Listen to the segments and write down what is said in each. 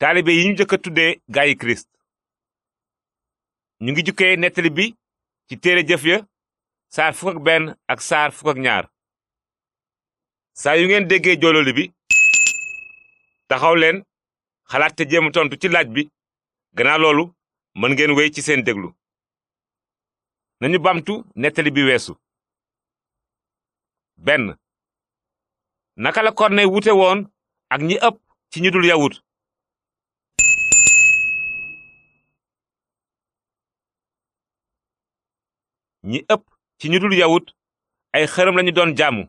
taalibe yi ñu njëkk a tuddee gaayi ñu ngi jukkee nettali bi ci téere jëf ya saar fukk ak benn ak saar fukk ñaar saa yu ngeen déggee joololi bi taxaw leen xalaat te jéem tontu ci laaj bi gannaaw loolu mën ngeen wéy ci seen déglu nañu bamtu nettali bi weesu benn naka la korne wute woon ak ñi ëpp ci ñi dul yawut ñi ëpp ci ñu dul yawut ay xërëm lañu doon jaamu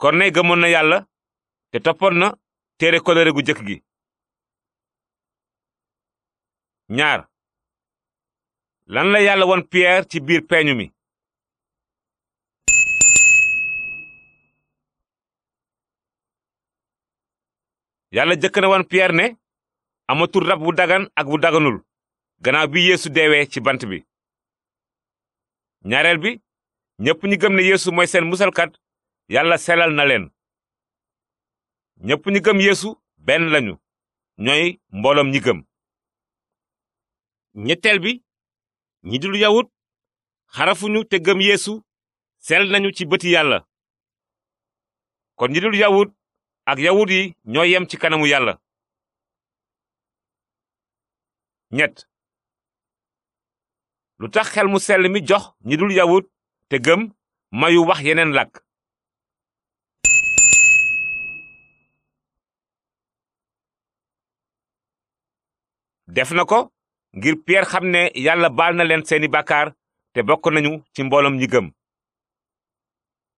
Corneille gëmoon na yàlla te toppoon na téere kóllëre gu jëkk gi ñaar lan la yàlla woon Pierre ci biir peeñu mi yàlla jëkk na won Pierre ne amatul rab bu dagan ak bu daganul ganaaw bi Yeesu deewee ci bant bi ñaareel bi ñëpp ñi gëm ne yéesu mooy seen musalkat yàlla selal na leen ñépp ñi gëm yeesu benn lañu ñooy mbooloom ñi gëm ñetteel bi ñi dul yawut xarafuñu te gëm yeesu sel nañu ci bëti yàlla kon ñi dul yawut ak yawut yi ñoo yem ci kanamu yàlla ñett lu tax xel mu sell mi jox ñi dul yawut te gëm mayu wax yeneen làkk def na ko ngir Pierre xam ne yàlla baal na leen seeni bàkkaar te bokk nañu ci mbooloom ñi gëm